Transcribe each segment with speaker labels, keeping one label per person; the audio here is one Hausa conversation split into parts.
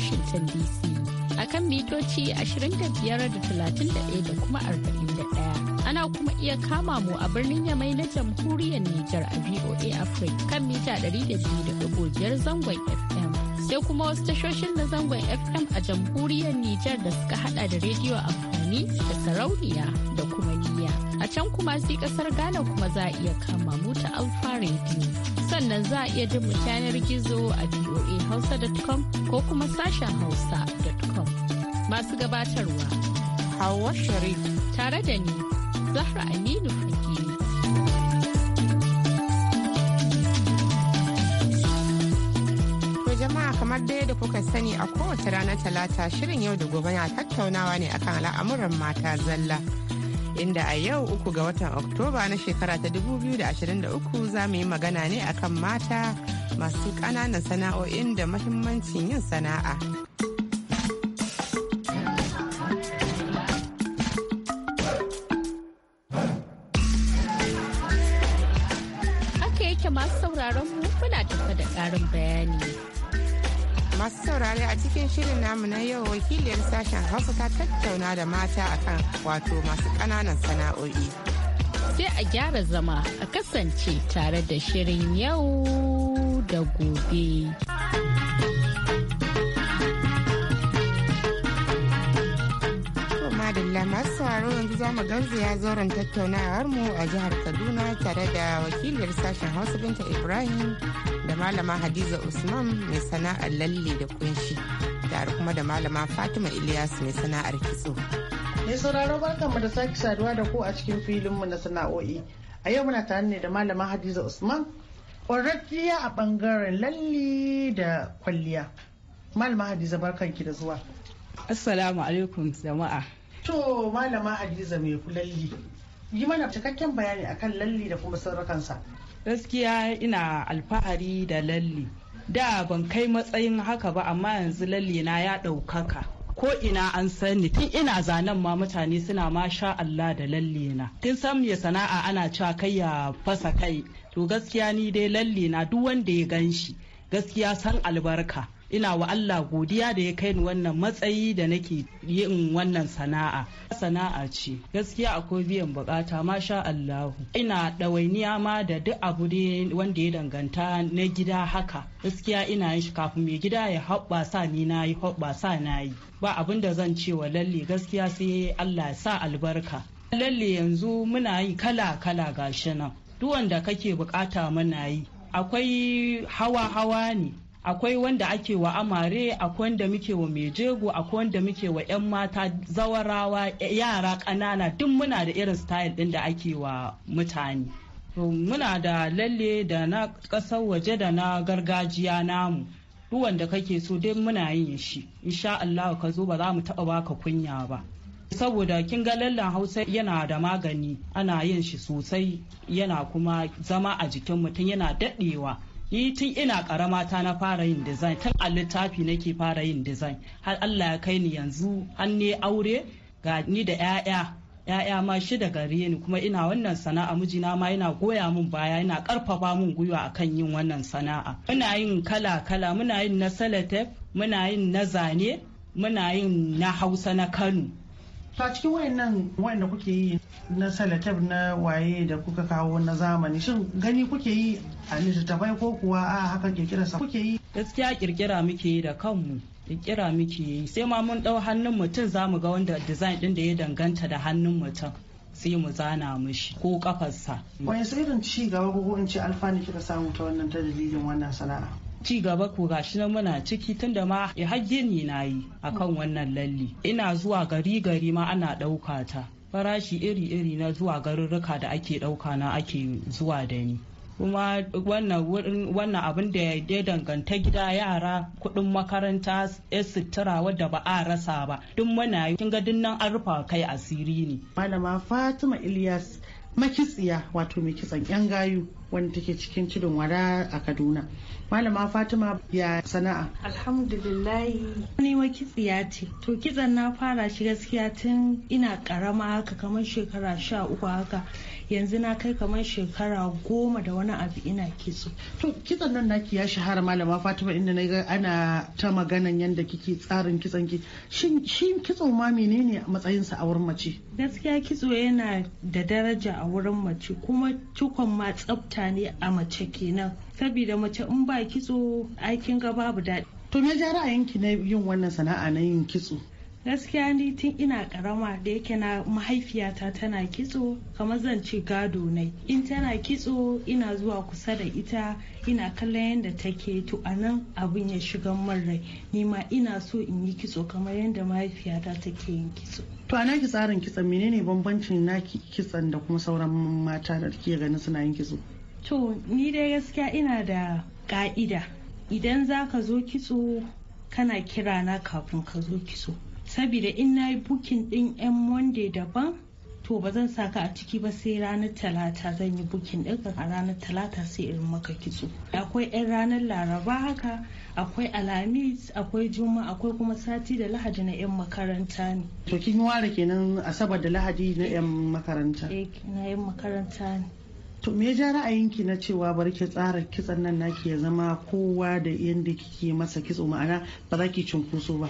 Speaker 1: Washington DC. A kan mitoci 25.31 da kuma 41. Ana kuma iya kama mu a birnin Yamai na jamhuriyar Nijar a VOA Africa kan mita 200.5 zangon FM. Sai kuma wasu tashoshin na zangon FM a jamhuriyar Nijar da suka hada da rediyo amfani da sarauniya da kuma niya. A can kuma sai kasar Ghana kuma za a iya kama mu ta Alfa Radio. sannan za a iya jin mu yanar gizo a voahausa.com ko kuma sashen hausa.com. Masu gabatarwa. Hauwa Sharif. Tare da ni, Zahra Aminu Fage.
Speaker 2: jama'a kamar dai da kuka sani a kowace ranar talata shirin yau da gobe na tattaunawa ne akan al'amuran mata zalla. inda a yau uku ga watan Oktoba na shekara ta 2023 za mu yi magana ne akan mata masu ƙananan sana'o'in da mahimmancin yin sana'a. Haka yake masu sauraron mu kuna tafa da karin bayani. saurare a cikin shirin namu na yau wakiliyar sashen hausa ta tattauna da mata akan wato masu ƙananan sana'o'i. Sai a gyara zama
Speaker 1: a kasance tare da shirin yau da gobe.
Speaker 2: Allah masu sauraro yanzu za mu garzaya zauren tattaunawar mu a jihar kaduna tare da wakiliyar sashen hausa binta ibrahim da malama hadiza usman mai sana'ar lalle da kunshi tare kuma da malama fatima ilyas mai sana'ar kitso
Speaker 3: mai sauraro barkanmu da sake saduwa da ku a cikin filinmu na sana'o'i a yau muna tare ne da malama hadiza usman ƙwararriya a bangaren lalle da kwalliya malama hadiza barkanki da zuwa Assalamu alaikum jama'a. To malama Hadiza mai kulalli yi mana cikakken bayani akan
Speaker 4: lalli da kuma sarrakansa. Gaskiya ina alfahari da lalli. Da ban kai matsayin haka ba amma yanzu lalli na ya ɗaukaka. ko ina an sani tun ina zanen ma mutane suna ma sha Allah da lalle na tun san mai sana'a ana cewa kai ya fasa kai to gaskiya ni dai lalle na duk wanda ya gan shi gaskiya san albarka ina wa Allah godiya da ya kai ni wannan matsayi da nake yin wannan sana'a sana'a ce gaskiya akwai biyan bukata masha Allahu ina ɗawainiya ma da duk abu wanda ya danganta na gida haka gaskiya ina yin shi kafin mai gida ya sa ni na yi sa na yi ba abin da zan ce wa lalle gaskiya sai Allah ya sa albarka lalle yanzu muna yi kala kala gashi nan duk wanda kake bukata muna yi akwai hawa hawa ne akwai wanda ake wa amare akwai wanda muke wa mejego akwai wanda muke wa 'yan mata zawarawa yara ƙanana duk muna da irin style ɗin da ake wa mutane muna da lalle da na ƙasar waje da na gargajiya namu ruwan wanda kake so dai muna yin shi insha Allah ka zo ba za mu taɓa baka kunya ba saboda kin ga lallan hausa yana da magani ana yin shi sosai yana kuma zama a jikin mutum yana daɗewa ni tun ina karama ta na fara yin design tun a littafi nake fara yin design har Allah ya kai ni yanzu har ne aure ga ni da 'ya'ya ya'ya ma shi da gare ni kuma ina wannan sana'a mijina ma yana goya min baya yana karfafa min gwiwa akan yin wannan sana'a muna yin kala kala muna yin na selotep muna yin na zane muna yin na hausa na kano
Speaker 3: to a cikin wayannan wayanda kuke yi na salatab na waye da kuka kawo
Speaker 4: na zamani shin gani kuke yi a littattafai ko kuwa a haka kirkirarsa kuke yi gaskiya kirkira muke yi da kanmu kirkira muke yi sai ma mun dau hannun mutum za mu ga wanda design din da ya danganta da hannun mutum sai mu zana mishi ko kafarsa wani
Speaker 3: irin ci gaba ko in ce alfani kika samu ta wannan ta wannan sana'a
Speaker 4: ci gaba ku gashi nan muna ciki tunda ma ya ni na yi akan wannan lalle ina zuwa gari gari ma ana ɗauka ta farashi iri-iri na zuwa garurruka da ake ɗauka na ake zuwa da ni kuma wannan abin da ya danganta gida yara kuɗin makaranta ya sutura wadda ba a rasa ba duk muna yi kinga duk nan an rufa kai asiri ne malama fatima ilyas makitsiya wato
Speaker 3: mai kitsan yan gayu wanda take cikin tudun wada a kaduna malama fatima ya sana'a
Speaker 5: alhamdulillahi ni ma kitsiya ce to kitsan na fara shi gaskiya tun ina karama haka kamar shekara sha uku haka yanzu na kai kamar shekara goma da wani abu ina kitso to kitsan nan naki ya shahara malama fatima
Speaker 3: inda na ga ana ta maganan yadda kike tsarin kitsan ki shin kitso ma menene
Speaker 5: matsayinsa a wurin mace gaskiya kitso yana da daraja a wurin mace kuma cikon ma tsafta mutane a mace kenan saboda mace in ba kitso aikin ga babu daɗi to me ja ra'ayinki na yin wannan sana'a na yin kitso gaskiya ni tun ina karama da yake na mahaifiyata tana kitso kamar zan ci gado ne in tana kitso ina zuwa kusa da ita ina kallon yadda take to a nan abin ya shiga min rai ni ma ina so in yi kitso kamar yadda mahaifiyata take yin kitso
Speaker 3: to a naki tsarin kitson menene bambancin naki kitson da kuma sauran mata da ke
Speaker 5: ganin suna yin kitso to ni dai gaskiya ina da ka'ida idan za ka zo kitso kana kira na kafin ka zo kitso saboda in na yi bukin ɗin yan monday daban to ba zan sa saka a ciki ba sai ranar talata zan yi bukin din a ranar talata sai in maka kitso akwai yan ranar laraba haka akwai alhamis akwai juma akwai kuma sati da lahadi na yan makaranta ne to
Speaker 3: kin ware kenan asabar da lahadi na yan makaranta
Speaker 5: eh, na yan makaranta ne
Speaker 3: To me ja ra'ayinki na cewa bari ki tsara kitson nan naki ya zama kowa da yadda kike masa kitso ma'ana ba za ki cunkoso ba.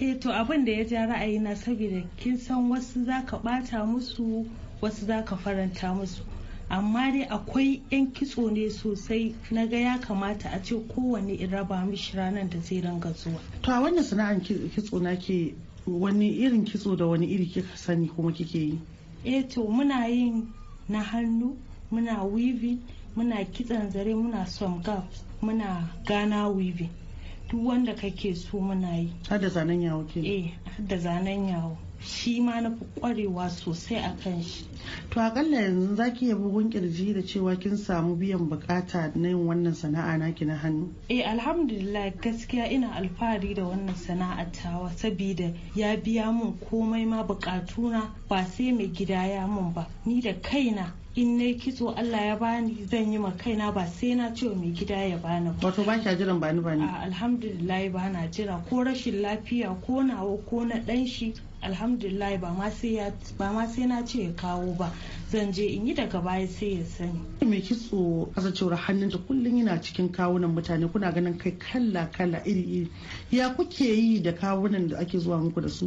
Speaker 5: Eh to abin da ya ja ra'ayina saboda kin san wasu za ka ɓata musu wasu za ka faranta musu. Amma dai akwai 'yan kitso ne sosai na ga ya kamata a ce kowane in raba mishi ranar da zai ranga zuwa. To a wannan sana'an kitso na wani irin kitso da wani iri kika sani kuma kike yi? Eh to muna yin na hannu muna weaving muna kitsan zare muna swamgaf muna gana weaving duk wanda kake so muna yi har da zanen yawo ke eh har da zanen yawo shi ma na fi kwarewa sosai a kan shi to akalla yanzu za ki iya bugun
Speaker 3: kirji da cewa kin samu biyan bukata na yin wannan sana'a naki na hannu
Speaker 5: eh alhamdulillah gaskiya ina alfahari da wannan sana'a tawa saboda ya biya mun komai ma bukatuna ba sai mai gida ya mun ba ni da kaina in na kitso Allah ya bani zan yi ma kaina ba sai na ce mai gida ya bani ba.
Speaker 3: Wato ba sha jiran bani bani.
Speaker 5: Alhamdulillah ba na jira ko rashin lafiya ko nawa ko na dan shi alhamdulillah ba ma sai na ce ya kawo ba zan je in yi daga baya sai ya sani
Speaker 3: mai kitso kasancewar hannunta kullum yana cikin kawunan mutane kuna ganin kai kala kala iri iri ya kuke yi da kawunan da ake zuwa muku da su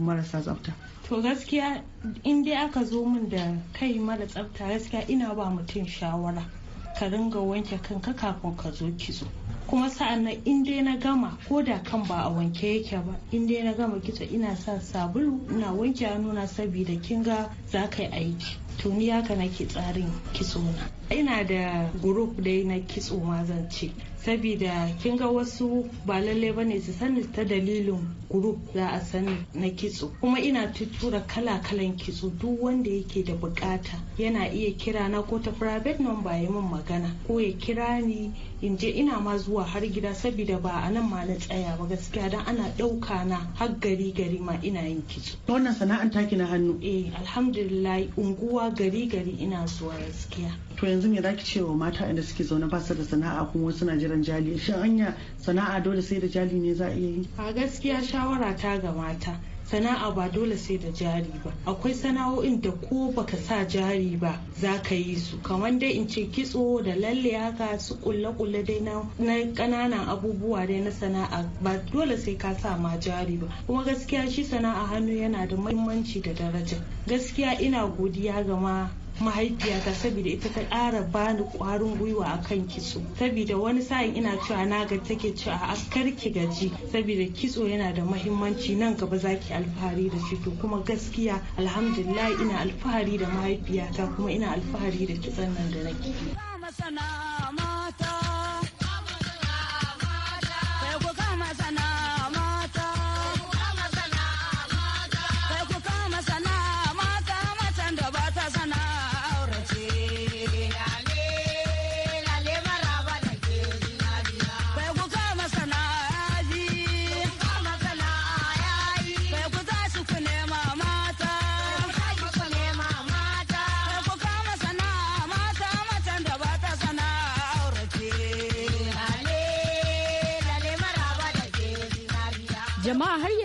Speaker 3: marasa
Speaker 5: tsafta to gaskiya in dai aka zo min da kai mara tsafta gaskiya ina ba mutum shawara ka ringa wanke kanka kafin ka zo kitso kuma sa'annan in dai na gama ko da kan ba a wanke yake ba in dai na gama kitso ina sa sabulu ina wanke hannuna saboda kinga za ka yi aiki to ni haka nake tsarin kitso na ina da group dai na kitso ma zan ce saboda kin ga wasu ba lalle ba ne su sani ta dalilin group za a sani na kitso kuma ina tuttura kala-kalan kitso duk wanda yake da bukata yana iya kira na ko ta private number ya min magana ko ya kira ni in je ina ma zuwa har gida saboda ba a nan ma na tsaya ba gaskiya dan ana ɗauka na har gari gari ma ina yin kitso wannan sana'an taki na hannu eh alhamdulillah unguwa gari gari ina zuwa gaskiya
Speaker 3: to yanzu me zaki ce wa mata inda suke zaune ba su da sana'a kuma suna jiran jali shin anya
Speaker 5: sana'a dole sai da jali ne za a iya yi a gaskiya shawara ta ga mata sana'a ba dole sai da jari ba akwai sana'o'in da ko baka sa jari ba za ka yi su kamar dai in ce kitso da lalle haka su kulle kulle dai na kananan abubuwa dai na sana'a ba dole sai ka sa ma jari ba kuma gaskiya shi sana'a hannu yana da muhimmanci da daraja gaskiya ina godiya ga ma mahaifiyata saboda ita ta ƙara bani ƙwarin gwiwa a kan kitso saboda wani sa'in ina cewa na ga take cewa a kar ki gaji saboda kitso yana da mahimmanci nan gaba za ki alfahari da shi to kuma gaskiya alhamdulillah ina alfahari da mahaifiyata kuma ina alfahari da kitson
Speaker 6: nan da nake.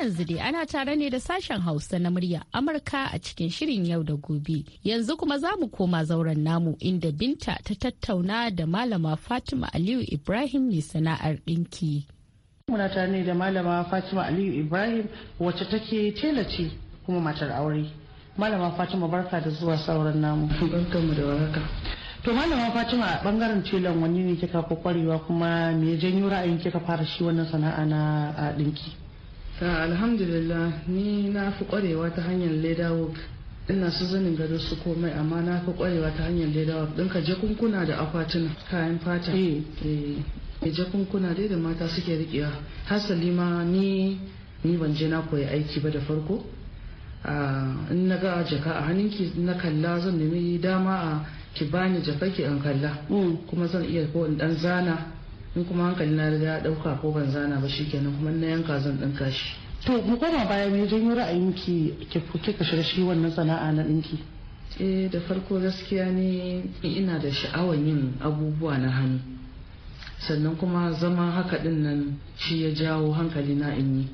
Speaker 1: yanzu dai ana tare ne da sashen Hausa na murya Amurka a cikin shirin yau da gobe. Yanzu kuma za mu koma zauren namu inda Binta ta tattauna da Malama Fatima Aliyu Ibrahim mai sana'ar ɗinki.
Speaker 3: Muna tare ne da Malama Fatima Aliyu Ibrahim wacce take tela ce kuma matar aure. Malama Fatima barka da zuwa sauran namu. da warhaka. to malama fatima a bangaren telan wani ne kika fi kwarewa kuma me janyo ra'ayin kika fara shi wannan sana'a na dinki ta alhamdulillah ni na fi kwarewa
Speaker 7: ta hanyar leda work ina su zanin gado su komai amma na fi kwarewa ta hanyar leda work don ka je kunkuna da akwatuna kayan fata e jakunkuna dai da mata suke riƙewa hasali ma ni ban je na koyi aiki ba da farko ah, in na ga jaka a hannunki na kalla zan nemi dama a ki bani jaka ki an kalla mm. kuma zan iya ko in dan zana in kuma hankali na riga dauka
Speaker 3: ko ban zana ba shikenan kuma na yanka zan dan kashi. to mu koma baya me janyo ra'ayinki ki ka shiga shi wannan sana'a na dinki
Speaker 7: eh da farko gaskiya ne ina da sha'awar yin abubuwa na hannu sannan kuma zama haka din nan shi ya jawo hankali na in yi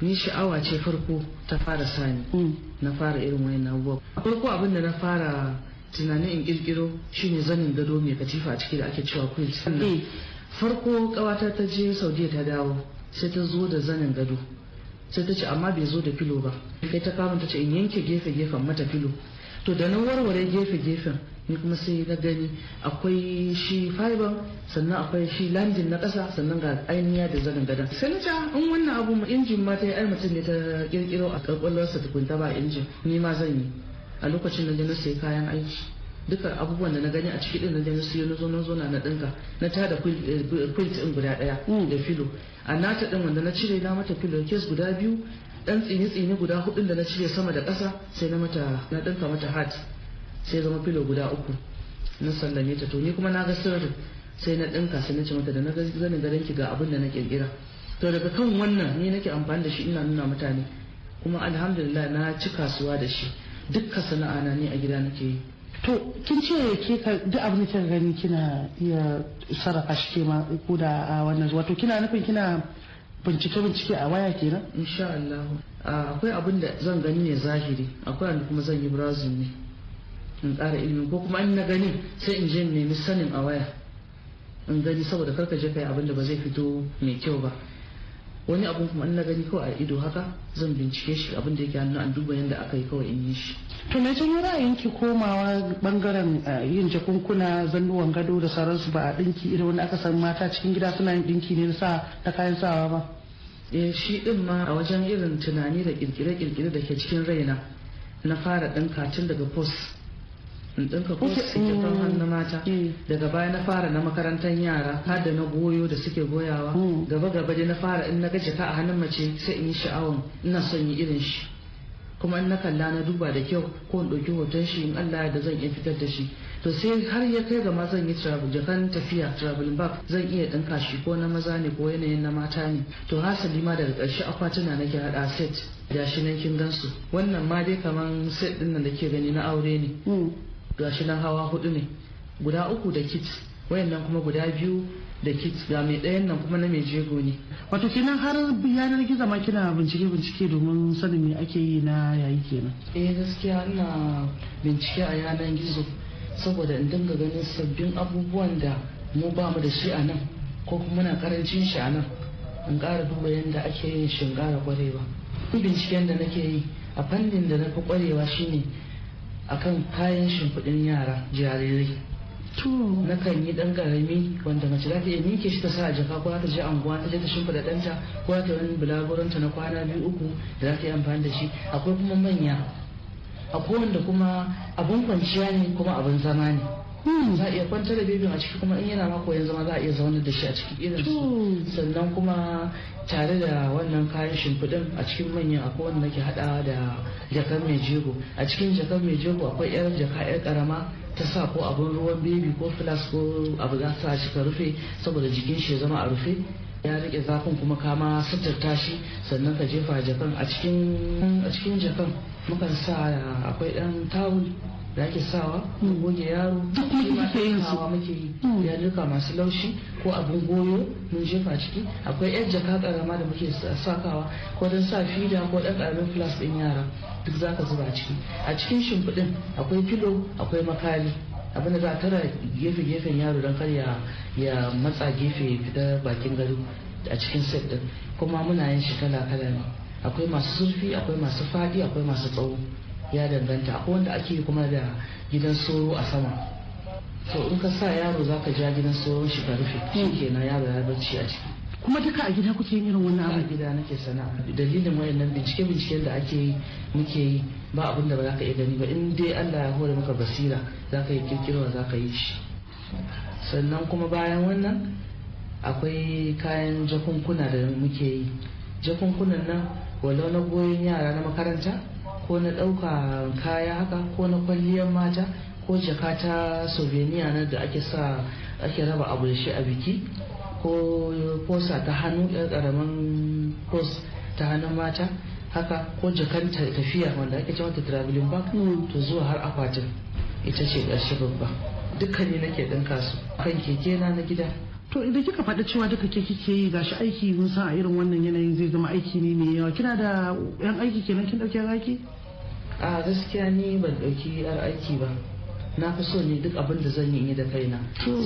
Speaker 7: ni sha'awa ce farko ta fara sani mm. na fara irin wani abubuwa farko abin da na fara tunanin in kirkiro shine zanin gado mai katifa a ciki da ake cewa quilt eh. farko kawata ta je saudiya ta dawo sai ta zo da zanin gado sai ta ce amma bai zo da filo ba kai ta kama ta ce in yanke gefe gefen mata filo to da na warware gefe gefen ni kuma sai na gani akwai shi fiber sannan akwai shi landin na ƙasa sannan ga ainiya da zanin gadon sai na ca ah, in wannan abu mu injin ma ta yi ai mutum ne ta kirkiro a ƙarƙwallonsa tukunta ba injin ni ma zan yi a lokacin da na sai kayan aiki Dukkan abubuwan da na gani a ciki din nan na siyo na zo na zo na dinka na tada eh, quilt din guda daya mm. da filo a nata din wanda na cire na mata filo kes guda biyu dan tsini tsini guda hudun da na cire sama da ƙasa sai na mata na dinka mata hat sai zama filo guda uku na sallame ta to ni kuma na ga sirrin sai na dinka sai na ce mata da na ga zanin garin ki ga abin da na kirkira to daga kan wannan ni nake amfani da shi ina nuna mutane kuma alhamdulillah na ci kasuwa da shi duka sana'a na ne a gida nake yi
Speaker 3: to kin ce ke ka duk abin da kika gani kina iya sarrafa shi ke ko da a wannan wato kina nufin kina bincike bincike a waya kenan insha Allah akwai abin da zan gani
Speaker 7: ne zahiri akwai abin kuma zan yi brazil ne in ƙara ilimi ko kuma in na gani sai in je in nemi sanin a waya in gani saboda karka je kai abin da ba zai fito mai kyau ba wani abun kuma in na gani kawai a ido haka zan bincike shi abin da yake hannu an duba yadda aka yi kawai in yi shi
Speaker 3: to na ji ra'ayin ki komawa bangaren eh, yin jakunkuna zannuwan gado da sauransu ba a dinki irin wani aka san mata cikin gida suna yin dinki ne sa ta kayan sawa ba eh shi din ma a wajen irin tunani da kirkire-kirkire da ke cikin
Speaker 7: raina na fara ɗan katin daga post in ɗinka ko mm, hannu mata mm. daga baya na fara na makarantar yara har da na goyo da suke goyawa mm. gaba gaba dai na fara in na ga jaka a hannun mace sai in yi sha'awan ina son yi irin shi kuma in na kalla na duba da kyau ko in ɗauki hoton shi in Allah da zan iya fitar da shi to sai har ya kai ga ma zan yi travel jakan tafiya travel back zan iya ɗinka shi ko na maza ne ko yanayin na mata ne to hasali ma daga ƙarshe akwatuna nake haɗa set da shi nan kin gansu wannan ma dai kaman set ɗin nan da ke gani na aure ne shi nan hawa hudu ne guda uku da kit wayannan kuma guda biyu da kit ga mai ɗayan nan kuma na mai jego
Speaker 3: ne wato kenan har yanar gizo ma kina bincike bincike domin sanin me ake yi na yayi kenan eh gaskiya ina bincike a yanar gizo saboda in dinga
Speaker 7: ganin sabbin abubuwan da mu ba mu da shi a nan ko kuma muna karancin shi a nan in ƙara duba yadda ake yin shi in ƙara binciken da nake yi a fannin da na fi ƙwarewa shine akan kayan shimfiɗin yara jarirai na kan yi ɗan karami wanda mace za ta iya mike shi ta sa a jaka ko ta je anguwa ta je ta shimfiɗa ɗanta ko ta wani bulagurinta na kwana biyu uku da za ta yi amfani da shi akwai kuma manya akwai wanda kuma abun kwanciya ne kuma abun zama ne Hmm. za a iya kwantar da bebin a ciki kuma in yana ma yanzu zama za a iya zaunar da shi a cikin irin su hmm. sannan kuma tare da wannan kayan shimfiɗin a cikin manyan akwai wanda ke hada da jakar mai jego a cikin jakar mai jego akwai yar jaka yar karama ta sa ko abin ruwan bebi ko filas ko abu za sa shi ka rufe saboda jikin shi ya zama a rufe ya rike zafin kuma kama suturta shi sannan ka jefa jakan a cikin jakan mukan sa akwai dan tawul da ake sawa mun hmm. goge yaro duk muke yin su muke yi hmm. duka masu laushi ko abin goyo mun jefa ciki akwai yar jaka karama da muke sakawa ko dan sa fida ko dan karamin flas din yara duk zaka zuba ciki a cikin shimfiɗin akwai filo akwai makali abinda za tara gefe gefen yaro dan kar ya matsa gefe fita bakin gari a cikin set din kuma muna yin shi kala kala ne akwai masu zurfi akwai masu fadi akwai masu tsawo ya danganta akwai wanda ake kuma da gidan soro a sama so in ka sa yaro zaka ja gidan soron shi ka rufe kenan yaro ya barci a ciki
Speaker 3: kuma duka a gida kuke yin irin wannan abin gida nake sana'a
Speaker 7: dalilin wayannan bincike binciken da ake yi muke yi ba abin da ba za ka iya gani ba in dai Allah ya hore maka basira za ka yi kirkirwa za ka yi shi sannan kuma bayan wannan akwai kayan jakunkuna da muke yi jakunkunan nan walau na goyon yara na makaranta ko na ɗauka kaya haka ko na kwalliyar mata ko jaka ta souvenir na da ake sa ake raba abu da shi a biki ko posa ta hannu yar karamin pos ta hannun mata haka ko jakan tafiya wanda ake ce mata traveling bag to zuwa har akwatin ita ce ƙarshe babba dukkan
Speaker 3: ne nake ɗin kasu kan keke na na gida to inda kika faɗi cewa duka ke kike yi gashi aiki mun san a irin wannan yanayin zai zama aiki ne mai yawa kina da yan aiki kenan kin ɗauki aiki a gaskiya ni ban ɗauki yar aiki ba na fi so ne duk abin da zan
Speaker 7: yi da kaina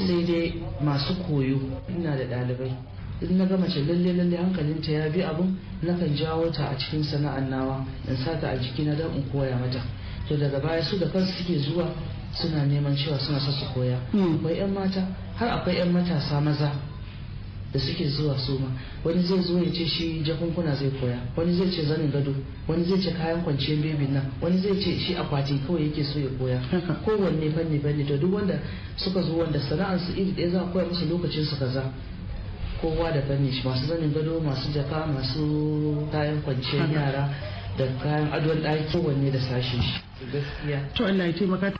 Speaker 7: sai dai masu koyo ina da ɗalibai in na ga mace lalle lalle ta ya bi abin kan jawo ta a cikin sana'an nawa in sa ta a jiki na don in koya mata to daga baya su da kansu suke zuwa suna neman cewa suna so su koya hmm. akwai yan mata har akwai yan matasa maza da suke zuwa su ma wani zai zo ya ce shi jakunkuna zai koya wani zai ce zanin gado wani zai ce kayan kwanciyar bebin nan wani zai ce shi akwati kawai yake so ya koya kowanne fanni fanni to duk wanda suka zo wanda sana'ar su iri ɗaya za a koya musu lokacin su kaza kowa da fanni shi masu zanin gado masu jaka masu kayan kwanciyar yara da kayan adon ɗaki
Speaker 3: kowanne da sashen shi gaskiya to Allah ya taimaka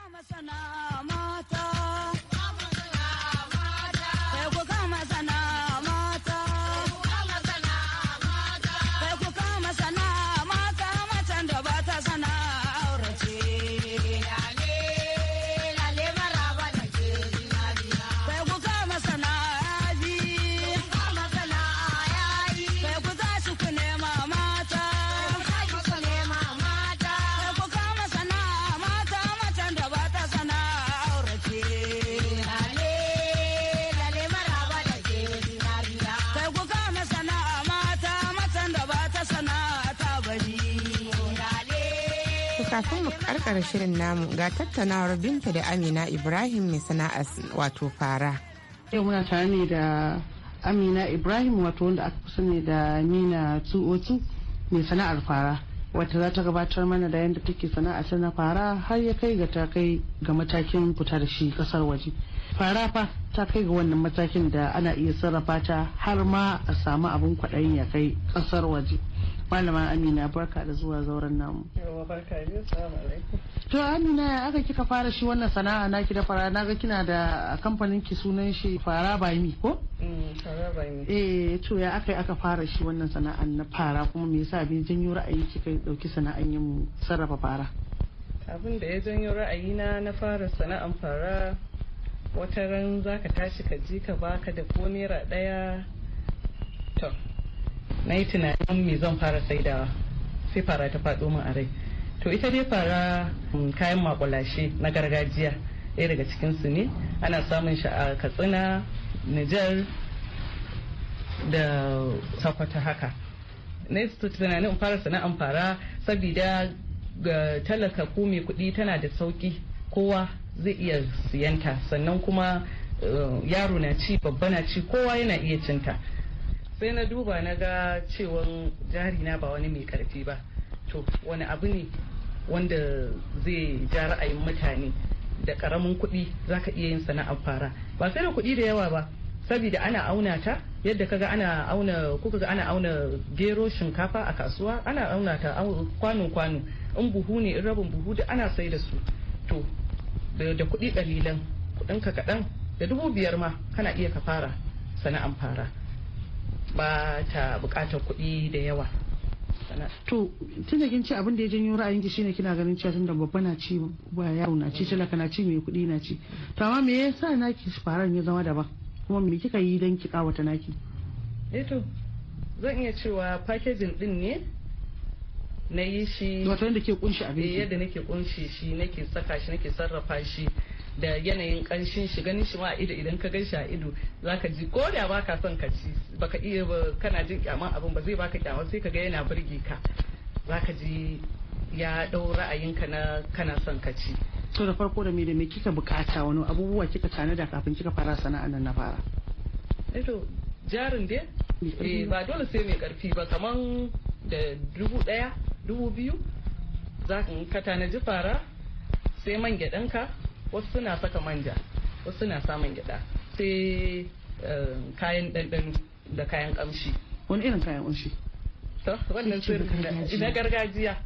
Speaker 2: kafin mu karkar shirin namu ga tattaunawar binta da amina ibrahim mai sana'ar wato fara yau muna tare ne da amina ibrahim wato wanda aka
Speaker 3: fi sani da nina 202 mai sana'ar fara wata za ta gabatar mana da yadda take sana'a ta na fara har ya kai ga ta kai ga matakin fita da shi kasar waje fara fa ta kai ga wannan matakin da ana iya sarrafa ta har ma a samu abin kwaɗayin ya kai kasar waje malama amina barka da zuwa zauren namu to amina aka kika fara shi wannan sana'a naki da fara naga kina da kamfanin ki sunan shi fara by me ko mm, eh to ya aka aka fara shi wannan sana'an na fara kuma me yasa bin janyo ra'ayi kika dauki sana'an yin sarrafa fara
Speaker 7: abin da ya janyo ra'ayina na fara sana'an fara wata ran zaka tashi ka ji ka baka da ko naira daya to na yi tunanin me zan fara saidawa sai fara ta faɗo min a rai to ita dai fara mm, kayan makulashe na gargajiya ɗaya daga cikinsu ne ana samun shi a katsina nijar da sakwata haka na yi tunanin in fara sana'an fara saboda ga talaka ko mai kuɗi tana da sauki kowa zai iya siyanta sannan kuma eh, yaro na ci babba na ci kowa yana iya cinta sai na duba na ga cewan jari na ba wani mai karfi ba to wani abu ne wanda zai ja ra'ayin mutane da karamin kuɗi za ka iya yin sana'ar fara ba sai da kuɗi da yawa ba saboda ana auna ta yadda ka ana auna kuka ga ana auna gero shinkafa a kasuwa ana auna ta kwano kwano in buhu ne in rabin buhu da ana sai da su to da kuɗi kalilan kuɗin ka kaɗan da dubu biyar ma kana iya ka fara sana'an fara ba ta bukatar kuɗi da yawa
Speaker 3: to tun da ce abin da ya janyo ra'ayin ki shine kina ganin cewa tunda babba na ci ba yaro na ci talaka na ci mai kuɗi na ci to amma me yasa naki faran ya zama daban kuma me kika yi dan ki kawata naki eh to
Speaker 7: zan iya cewa packaging din ne na yi shi wato yadda ke kunshi abinci eh, yadda nake kunshi shi nake saka shi nake sarrafa shi da yanayin kanshin shi ganin shi ma ido idan ka ganshi a ido zaka ji ko da baka son ka ci baka iya ba kana jin kyaman abin ba zai baka kyaman sai ka ga yana burge ka zaka ji ya dau ra'ayinka na kana son ka ci
Speaker 3: to da farko da me da me kika bukata wani abubuwa kika tanada kafin kika fara sana'an nan na fara
Speaker 7: ido eh jarin dai eh ba dole sai mai karfi ba kaman da dubu daya dubu biyu za ka tanaji fara sai man gyaɗanka wasu suna saka manja wasu suna samun gyada sai eh, kayan ɗanɗan da kayan ƙamshi
Speaker 3: wani irin kayan ƙamshi
Speaker 7: to wannan na gargajiya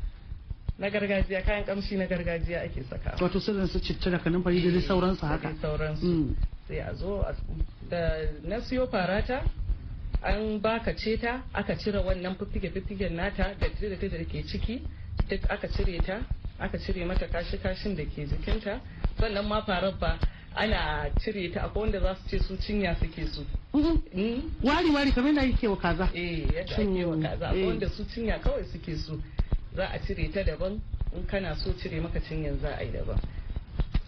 Speaker 7: na gargajiya kayan kamshi na gargajiya ake saka
Speaker 3: wato sirrin su citta da fari da sauransu haka sauransu mm.
Speaker 7: sai a zo da na siyo farata an baka ceta aka cire wannan fiffige fiffigen nata da da ke ciki duk aka cire ta aka cire mata kashi kashin da ke jikinta sannan ma farar ba ana cire ta akwai wanda za su ce su cinya suke su.
Speaker 3: Mhm. Hmm? Wari wari kamar yadda ake wa kaza.
Speaker 7: Eh yadda ake wa hmm. kaza akwai eh. wanda su cinya kawai suke su za a cire ta daban in kana so cire maka cinyan za a yi daban.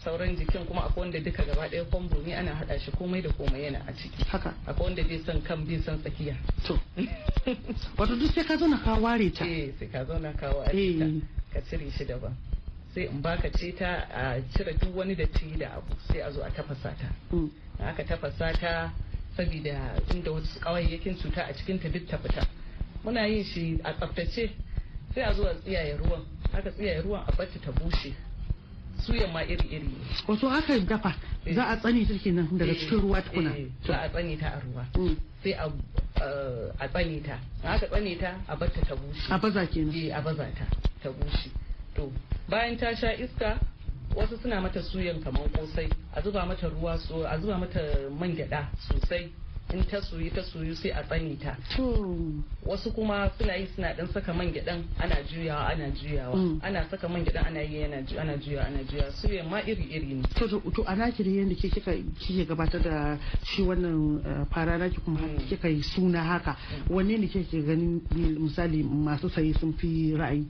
Speaker 7: sauran jikin kuma akwai wanda duka gaba daya kwambo ne ana hada shi komai da komai yana a ciki haka akwai wanda bai son kan bai son tsakiya to wato duk sai ka zauna ka ware ta eh sai ka zauna ka ware ta eh. ka cire shi daban sai in baka ce ta a cire duk wani da datti da abu sai a zo a tafasa ta mm. da aka tafasa ta saboda inda wasu kawayyakin cuta a cikin ta duk ta fita muna yin shi a tsaftace sai a zo a tsiyaye ruwan aka tsiyaye
Speaker 3: ruwan a bata ta bushe
Speaker 7: suya ma iri-iri
Speaker 3: wato aka dafa eh. za a tsane ta kenan daga cikin ruwa tukuna eh, eh,
Speaker 7: za a tsane ta a ruwa mm. sai a tsane ta aka tsane ta a batta ta bushe a
Speaker 3: baza kenan eh a baza ta
Speaker 7: ta bushe to bayan ta sha iska wasu suna mata suyan kamar kosai a zuba mata ruwa so a zuba mata man gyada sosai in ta soyu ta soyu sai a tsane ta wasu kuma suna yi suna dan saka man gyaɗan ana juyawa ana juyawa mm. ana saka man gyaɗan ana yi ana juyawa ana juyawa suya
Speaker 3: ma iri iri ne to a naki da yadda ke kika kike gabatar da shi wannan eh, fara naki kuma mm. kika yi suna haka mm. wanne ne kike ganin misali masu saye sun fi ra'ayi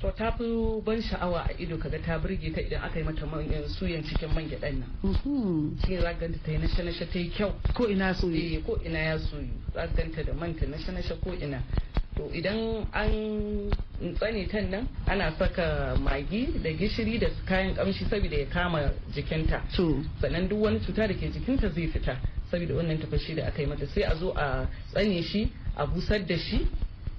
Speaker 3: to ta fi
Speaker 7: ban sha'awa a ido kaga ta burge ka idan aka yi mata manyan suyan cikin man gyaɗan nan
Speaker 3: mm-hmm.
Speaker 7: shi za ganta ta yi nashe-nashe ta yi kyau ko ina soyu eh, ko ina ya soyu za ganta da manta nashe-nashe ko ina to idan an tsane tan nan ana saka magi da gishiri da kayan kamshi saboda ya kama jikinta sannan duk wani cuta da ke jikinta zai fita saboda wannan tafashi da aka yi mata sai a zo a tsane shi a busar da shi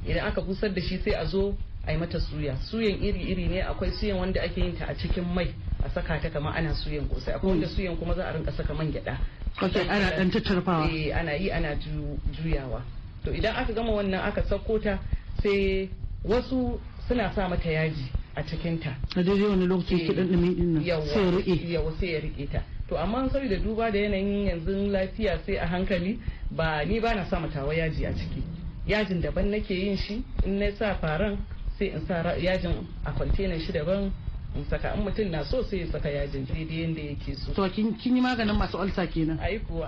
Speaker 7: idan aka busar da shi sai a zo a yi mata suya suyan iri-iri ne akwai suyan wanda ake yin ta a cikin mai a saka ta kama ana suyan kosai akwai wanda mm. suyan kuma za a rinka saka man gyada okay ana dan tattarfawa eh ana yi ana juyawa to idan aka gama wannan aka sauko ta sai wasu suna sa mata yaji a cikin ta a daidai wani lokaci eh, ki dan dumin din nan sai ya rike yawa sai ya rike ta to amma saboda duba da yanayin yanzu lafiya sai a hankali ba ni ba na sa mata yaji a ciki yajin daban nake yin shi in na sa faran sai in sa yajin a kwantenan shi daban in saka in mutum na so sai ya saka yajin daidai yadda yake so.
Speaker 3: To kin yi maganin masu alsa kenan. Ai kuwa.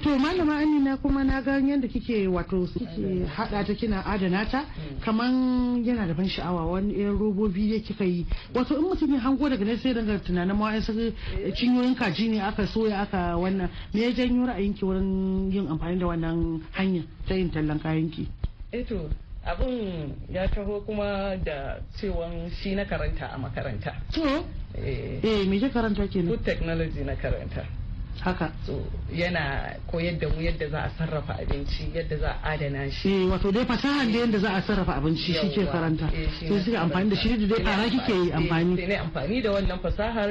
Speaker 3: to malama Amina kuma na ga yadda kike wato kike hada ta kina adana ta mm. kaman yana da ban sha'awa wani yan robobi ya kika yi wato in mutum ya hango daga nan sai daga tunanin ma wa'ansu cinyoyin kaji ne aka soya aka wannan me ya janyo ra'ayinki wurin yin amfani da wannan hanya ta yin tallan kayan ki.
Speaker 7: eto eh abin ya taho kuma da cewan shi na karanta a makaranta to eh, eh me ke karanta kenan food technology na karanta haka so yana koyar da mu yadda za a sarrafa abinci yadda za a adana shi
Speaker 3: eh, wato dai fasaha da yadda za a sarrafa abinci shi ke karanta to eh, shi amfani da shi da dai ara kike yi amfani ne
Speaker 7: amfani da wannan fasahar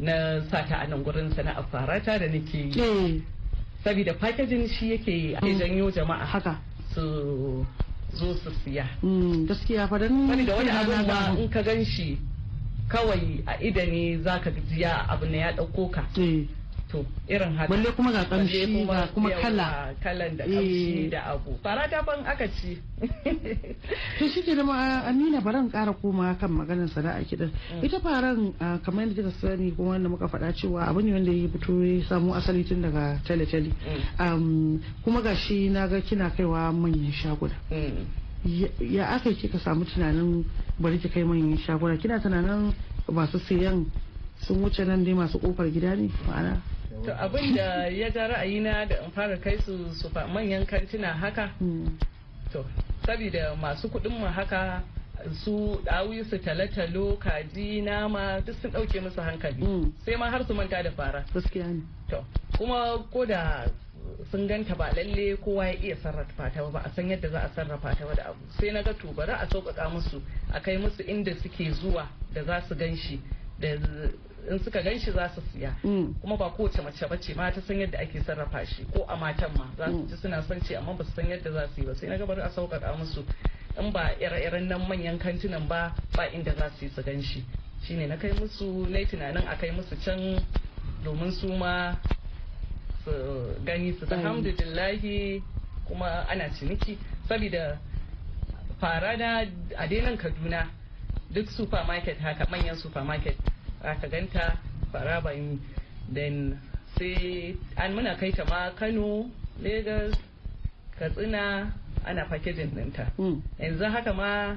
Speaker 7: na sata a nan gurin sana'ar farata da nake yi saboda packaging shi yake mm. janyo jama'a haka so zo su siya
Speaker 3: hmm, gaskiya fa dan wani da wani abin ba
Speaker 7: in ka gan shi kawai a idani zaka ji ya abu ne ya ɗauko ka eh. to irin haka balle kuma ga kamshi kuma kala kalan da kamshi eh. da abu fara daban aka ci
Speaker 3: to shike da ah, Amina baran kara koma kan maganar sana'a kidan mm. ita faran ah, kamar yadda kika sani kuma wanda muka faɗa cewa abu ne wanda ya fito ya samu asali tun daga tele tele mm. kuma gashi na ga kina kaiwa manyan shaguna mm. ya aka kika samu tunanin bari ki kai manyan shaguna kina tunanin masu sayan sun wuce nan dai masu kofar gida ne ma'ana
Speaker 5: to
Speaker 7: abin da ya ga na da in fara kai su su manyan kantina haka hmm. to saboda masu kuɗin mu haka su ɗawi su talo kaji nama duk sun ɗauke musu hankali hmm. sai ma har su manta da fara gaskiya ne to kuma ko da sun ganta ba lalle kowa ya iya sarrafa ta ba a san yadda za a sarrafa ta da abu sai na ga to bari a sauƙaƙa musu a kai musu inda suke zuwa da za su gan shi da in suka gan shi za su siya mm. kuma ba kowace mace ba ce ta san yadda ake sarrafa shi ko a matan ma za su mm. ji suna son ce amma ba su san yadda za su yi ba sai na gabar a sauƙaƙa musu in ba ire-iren nan manyan kantinan ba ba inda za su yi su gan shi shine na kai musu na tunanin a kai musu can domin su ma su gani su mm. alhamdulillahi kuma ana ciniki saboda fara na a denan kaduna duk supermarket haka manyan supermarket aka ganta ban dan sai an muna kai ta ma kano lagos katsina ana fakejin ta hmm. yanzu haka ma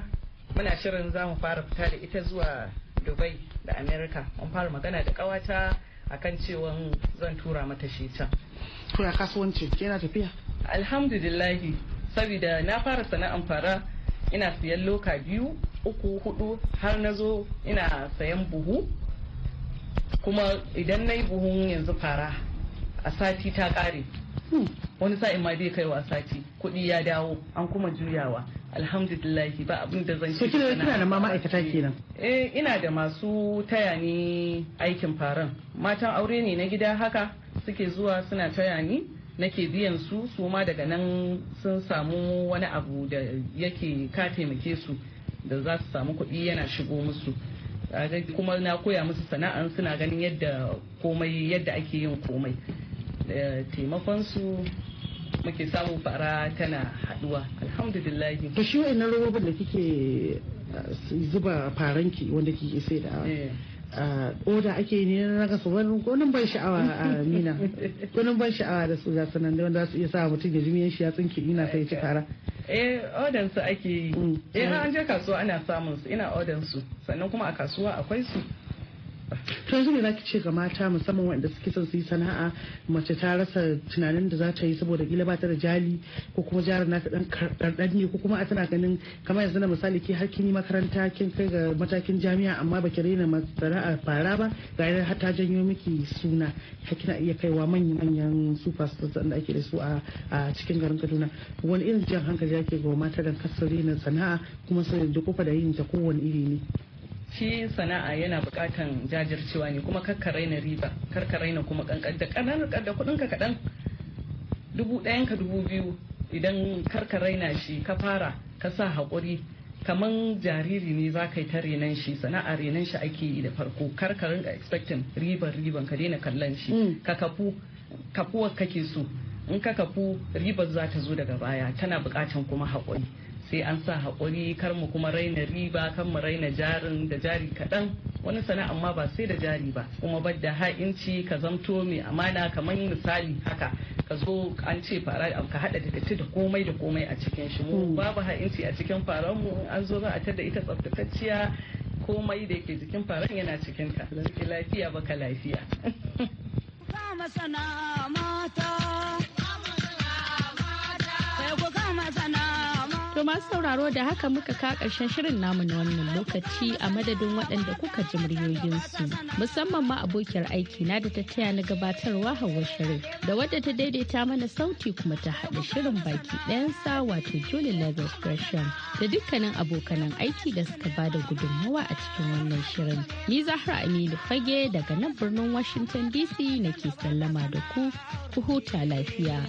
Speaker 7: muna shirin za mu fara fita da ita zuwa dubai da america an fara magana da kawata akan cewa zan tura mata shi can
Speaker 3: kuna kasuwanci yana tafiya
Speaker 7: alhamdulillahi saboda na fara sana'an fara ina siyan loka biyu uku hudu har na zo ina sayan buhu kuma idan na yi buhun yanzu fara a sati ta kare hmm. wani sa'in ma bai kaiwa sati kuɗi ya dawo an kuma juyawa alhamdulillahi ba abin da zan ce kina da ma
Speaker 3: ma'aikata kenan
Speaker 7: eh ina da masu taya aikin faran matan aure ne na gida haka suke zuwa suna taya ni nake biyan su su ma daga nan sun samu wani abu da yake ka taimake su da za su samu kuɗi yana shigo musu kuma na koya musu sana'an suna ganin yadda komai yadda ake yin komai taimakon su muke samun fara tana haduwa alhamdulillah to
Speaker 3: shi wa'annan robobin da kike eh, zuba faranki wanda kike sai da eh. eh, oda ake yi ne na raka su wani gonin ban sha'awa a nina gonin ban sha'awa da su gasu nan da wanda su iya sa mutum ya ji shi ya tsinke ina sai ya ci fara
Speaker 7: eh odan su ake yi mm. eh an je kasuwa ana samun su ina odan su sannan kuma a
Speaker 4: kasuwa akwai su
Speaker 3: to yanzu za ki ce ga mata musamman wanda suke son su yi sana'a mace ta rasa tunanin da za ta yi saboda kila ba ta da jali ko kuma jarin nata dan kardan ne ko kuma a tana ganin kamar yanzu na misali ke har kin yi makaranta kin kai ga matakin jami'a amma baki raina sana'a fara ba ga yanar har ta janyo miki suna har kina iya kaiwa manyan manyan superstars da ake da su a cikin garin Kaduna wani irin jan hankali yake ga mata da kasari na sana'a kuma sai da kofa da yin ta kowane iri ne
Speaker 7: shi sana'a yana bukatan jajircewa ne kuma kakka raina riba karka raina kuma kankan da kanan da kudin ka kadan dubu ɗayan ka dubu biyu idan karka raina shi ka fara ka sa haƙuri kaman jariri ne za ka yi ta renan shi sana'a renan shi ake yi da farko karka rinka expecting riban riban ka daina kallon shi mm. ka kafu kafuwar kake so in ka kafu ribar za ta zo daga baya tana bukatan kuma haƙuri sai an sa haƙuri kar mu kuma raina riba kan mu raina jarin da jari kaɗan wani sana'a ma ba sai da jari ba kuma bar da ha'inci ka zamto mai amana kamar misali haka ka zo an ce fara ka haɗa da da komai da komai a cikin shi mu hmm. babu ha'inci a cikin faran mu an zo za a tada ita tsaftatacciya komai da yake jikin faran yana cikin ka lafiya baka lafiya
Speaker 6: sana mata, mata
Speaker 1: masu sauraro da haka muka ka ƙarshen shirin namu na wannan lokaci a madadin waɗanda kuka ji muryoyinsu musamman ma abokiyar aiki na da ta taya na gabatarwa hawa shirin da wadda ta daidaita mana sauti kuma ta haɗa shirin baki ɗayan sa wato Julie Lagos Gresham da dukkanin abokanan aiki da suka ba da gudunmawa a cikin wannan shirin. Ni Zahra Aminu Fage daga nan birnin Washington DC nake sallama da ku, ku huta lafiya.